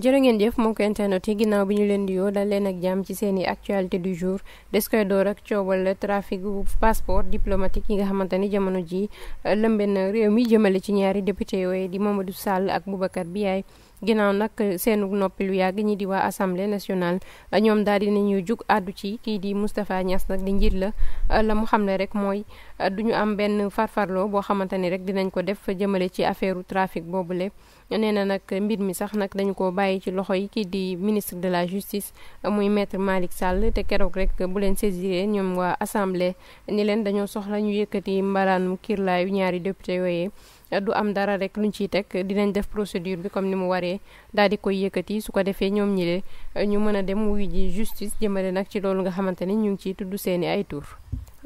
jërë ngeen jëf moo ko internet yi ginnaaw bi ñu leen di yoo dal leen ak jàmm ci seeni actualité du jour des koy door ak coobal trafic bu passeport diplomatique yi nga xamante ni jamono ji lëmbe réew mi jëmale ci ñaari député yooyu di du Sall ak bi yaay ginnaaw nag seenu noppi lu yàgg ñi di waa assemblée nationale ñoom daal di nañu jug àddu ci kii di Moustapha Niass nag di njiit la la mu xam ne rek mooy du ñu am benn farfarloo boo xamante ni rek dinañ ko def jëmale ci affaire trafic boobule. nee na nag mbir mi sax nag dañu ko bàyyi ci loxo yi kii di ministre de la justice muy maître Malick Sall te keroog rek bu leen saisiré ñoom waa assemblée ni leen dañoo soxla ñu yëkkati mbaraanu kiirlaayu ñaari député yooyee. du am dara rek luñ ciy teg dinañ def procédure bi comme ni mu waree daal di koy yëkkati su ko defee ñoom ñi de ñu mën a dem wuy ji justice jëmale nag ci loolu nga xamante ni ñu ngi ciy tudd seeni ay tur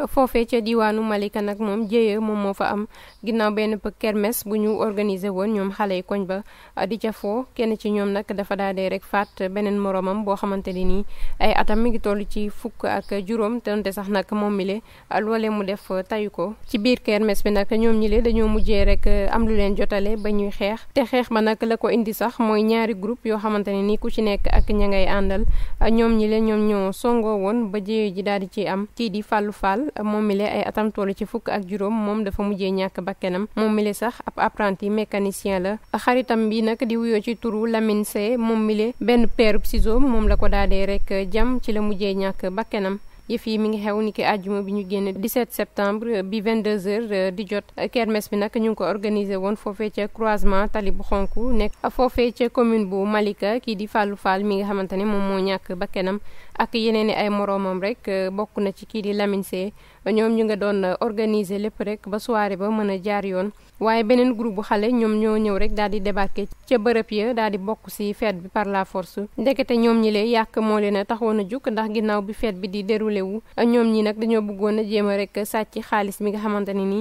foofee ca diwaanu Malika nag moom jéye moom moo fa am ginnaaw benn kermes bu ñu organiser woon ñoom xale yi koñ ba di ca foo kenn ci ñoom nag dafa daal rek faat beneen moromam boo xamante ni nii ay atam mi ngi toll ci fukk ak juróom donte sax nag moom mi le loolee mu def tayu ko ci biir kermes bi nag ñoom ñi le dañoo mujjee rek am lu leen jotale ba ñuy xeex te xeex ba nag la ko indi sax mooy ñaari groupe yoo xamante ne nii ku ci nekk ak ña ngay àndal ñoom ñi le ñoom ñoo songoo woon ba jéye ji daal di ci am kii di fallu fàll moom mi le ay atam toll ci fukk ak juróom moom dafa mujjee ñàkk bakkanam moom mi le sax ab apprenti mécanicien la xaritam bi nag di wuyoo ci turu Lamine Seye moom mi le benn peerub ciseau moom la ko dee rek jam ci la mujjee ñàkk bakkenam yëf yi mi ngi xew ni ki àjjuma bi ñu génn 17 septembre bi 22h euh, di jot kermesse bi naka ñu ngi ko organisé woon foofee ca croisement tali bu xonk nekk foofee ca commune bu Malika kii di Fallou Fall mi nga xamante ne moom moo ñàkk bakkanam ak yeneen i ay moroomam rek euh, bokk na ci kii di Lamine ñoom ñu nga doon euh, organiser lépp rek ba soire ba mën a jaar yoon. waaye beneen groupe bu xale ñoom ñoo ñëw rek daal di débarqué ca bërëb ya daal di bokk ci fête bi par la force ndekete ñoom ñi lee yàq moo leen a taxoon a jug ndax ginnaaw bi fête bi di déroulé wu ñoom ñi nag dañoo bëggoon a jéem rek sàcc xaalis bi nga xamante ne ni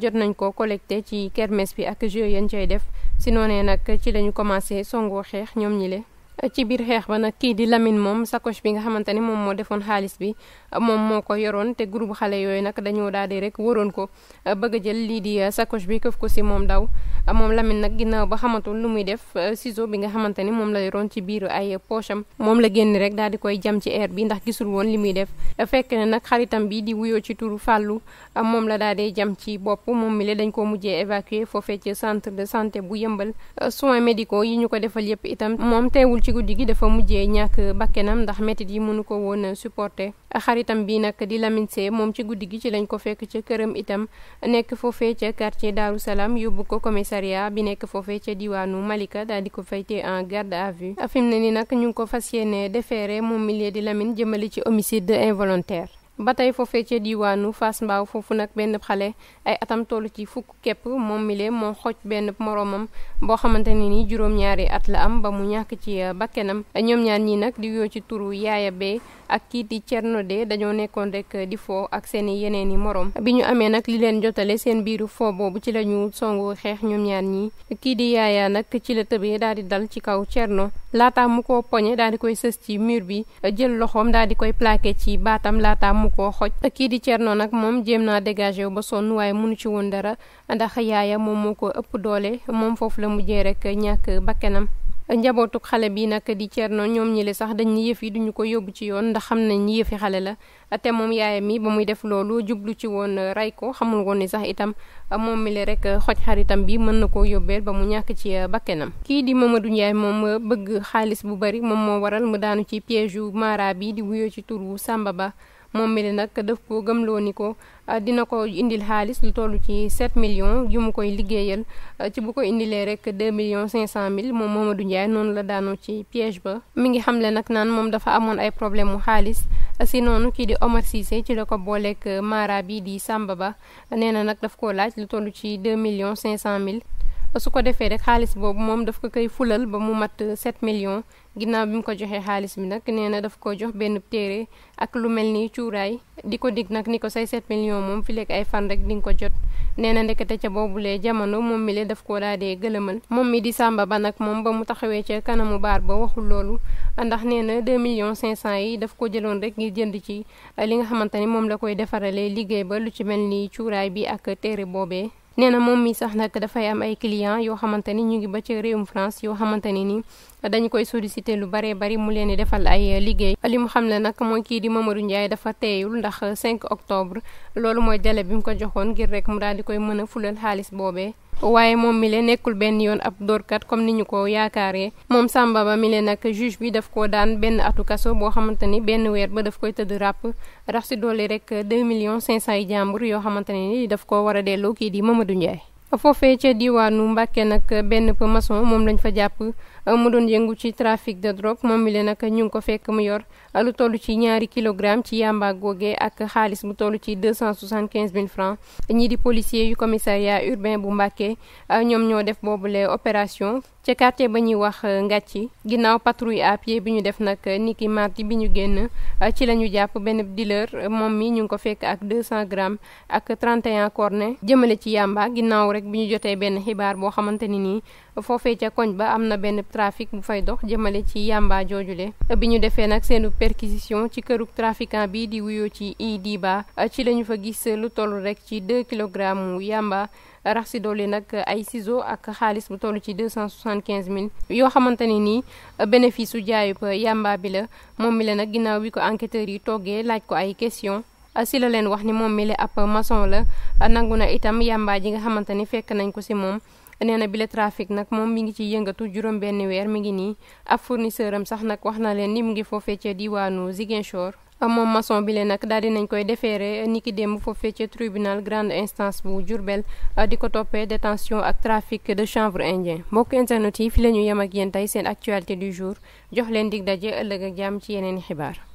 jot nañ ko collecté ci kermesse bi ak jeu yañ cay def si noonee nag ci lañu commencé songoo xeex ñoom ñi lee ci biir xeex ba nag kii di lamin moom sacoche bi nga xamante ni moom moo defoon xaalis bi moom moo ko yoroon te xale yooyu nag dañoo daal di rek waroon ko bëgg jël lii di uh, sacoche bi këf ko si moom daw moom Lamine nag ginnaaw ba xamatul lu muy def uh, ciseau bi nga xamante ni moom la yoroon ci biir ay poche moom la génn rek daal di koy jam ci air bi ndax gisul woon li muy def fekk ne nag xaritam bi di wuyoo ci turu Fallou moom la daal di jam ci bopp moom mi le dañ koo mujjee évacuer foofee ci centre de santé bu yëmbal soins médicaux yi ñu ko defal yëpp itam moom teewul ci guddi gi dafa mujjee ñàkk bakkenam ndax mettit yi mënu ko woon supporter xaritam bi nag di Lamine Seye moom ci guddi gi ci lañ ko fekk ca këram itam nekk foofee ca quartier Darou yóbbu ko commissariat bi nekk foofee ca diwaanu Malika daal di ko fayte en garde à vue fi ne ni nag ñu ngi ko fas yéene defeere moom milieu di Lamine jëmale ci homicide involontaire ba tey foofee ca diwaanu fas mbaaw foofu nag benn xale ay atam toll ci fukk képp moom mi leen moo xoj benn moroomam boo xamante ne ni juróom-ñaari at la am ba mu ñàkk ci euh, bakkenam ñoom ñaar ñi nag di yow ci turu yaaya bee ak kii di Cerno de dañoo nekkoon rek di fo ak seen i yeneen yi moroom bi ñu amee nag li leen jotale seen biiru foo boobu ci la ñu songu xeex ñoom ñaar ñi kii di yaaya nag ci la tëbee daal di dal ci kaw Cerno laata mu ko poñe daal di koy sës ci miir bi jël loxoom daal di koy plaqué ci baatam laata mu ko xoj kii di Thierno nag moom jéem naa dégagé ba sonn waaye mënu ci woon dara ndax yaaya moom moo ko ëpp doole moom foofu la mujjee rek ñàkk bakkenam njabootuk xale bi nag di Thierno ñoom ñi le sax dañ ni yëf duñu ko yóbbu ci yoon ndax xam nañ ni yëfi xale la te moom yaayam mi ba muy def loolu jublu ci woon rey ko xamul woon ni sax itam moom mi le rek xoj xaritam bi mën na koo yóbbeel ba mu ñàkk ci bakkenam kii di Mamadou Ndiaye moom bëgg xaalis bu bari moom moo waral mu daanu ci piège yu mara bi di wuyoo ci turu sàmba Ba moom mi li nag daf ko gëmloo ni ko ah, dina ko indil xaalis lu toll ci 7 millions yu mu koy liggéeyal ah, ci bu ko indilee rek 2 millions 500 mille moom Mamadou Ndiaye noonu la daano ci piège ba mi ngi xamle nag naan moom dafa amoon ay problème mu xaalis ah, si noonu kii di Omar Cissé ci la ko booleeg Mara bi di Samba Ba nee na nag daf ko laaj lu toll ci 2 millions 500 mille su ko defee rek xaalis boobu moom daf ko koy fulal ba mu mat 7 million ginnaaw bi mu ko joxee xaalis bi nag nee na daf ko jox benn téere ak lu mel ni cuuraay di ko dig nag ni ko say 7 moom fi lekk ay fan rek di nga ko jot nee na ndekete ca boobulee jamono moom mi le daf koo daa dee gëlëmal moom mi di sàmba ba nag moom ba mu taxawee ca kanamu baar ba waxul loolu ndax nee na 2 millions 500 yi daf ko jëloon rek ngir jënd ci li nga xamante ni moom la koy defaralee liggéey ba lu ci mel ni cuuraay bi ak téere boobee nee na moom mi sax nag dafay am ay clients yoo xamante ni ñu ngi ba ci réewum France yoo xamante ni ni dañu koy sollicité lu baree bari mu leen di defal ay liggéey li mu xam ne nag mooy kii di Mamadou Ndiaye dafa teeyul ndax cinq octobre loolu mooy délai bi mu ko joxoon ngir rek mu daal di koy mën a fulal xaalis boobee waaye moom mi le nekkul benn yoon ab dóorkat comme ni ñu ko yaakaaree moom Samba Ba mi le nag juge bi daf ko daan benn atu kaso boo xamante ni benn weer ba daf koy tëdd ràpp rax si doole rek 2 millions 500 yi jàmbur yoo xamante ne ni daf ko war a delloo kii di Mamadou Ndiaye. foofee ca diwaanu Mbàkke nag benn maçon moom lañ fa jàpp. Euh, mu doon yëngu ci trafic de drogue moom mi leen nag ñu ngi ko fekk mu yor euh, lu toll ci ñaari kilogramme ci yamba googe ak xaalis bu toll ci deux cent soixante quinze mille francs ñii di policier yu commissariat urbain bu Mbàkke euh, ñoom ñoo def boobu boobule opération ca quartier ba ñuy wax Ngàcci ginnaaw patrouille à pied bi ñu def nag niki mardi bi ñu génn ci la ñu jàpp benn dealer moom mi ñu ngi ko fekk ak deux cent grammes ak trente et un cornet jëmale ci yamba ginnaaw rek bi ñu jotee benn xibaar boo xamante ni nii foofee ca koñ ba am na benn trafic bu fay dox jëmale ci yamba joojule bi ñu defee nag seenu perquisition ci kërug trafiquant bi di wuyoo ci Idiba ci lañu fa gis lu toll rek ci 2 kilogrammes yamba rax si doole nag ay ciseaux ak xaalis bu toll ci deux cent soixante quinze mille yoo xamante ne nii bénéfice su jaayub yamba bi la moom mi la nag ginnaaw bi ko enquêteurs yi toggee laaj ko ay question si la leen wax ni moom mi la ab maçon la nangu na itam yamba ji nga xamante ni fekk nañ ko si moom nee na bile trafic nag moom mi ngi ci yëngatu juróom benn weer mi ngi nii ab fournisseur am sax nag wax na leen ni mu ngi foofee ca diwaanu Ziguinchor. moom mason bi leen nag daal di nañ koy defeere niki démb foofee ca tribunal grande instance bu Diourbel euh, di ko toppee détention ak trafic de chanvre indien mbokk internet yi fi la ñu yem ak yéen tey seen actualité du jour jox leen dig daje ëllëg ak jàmm ci yeneen xibaar.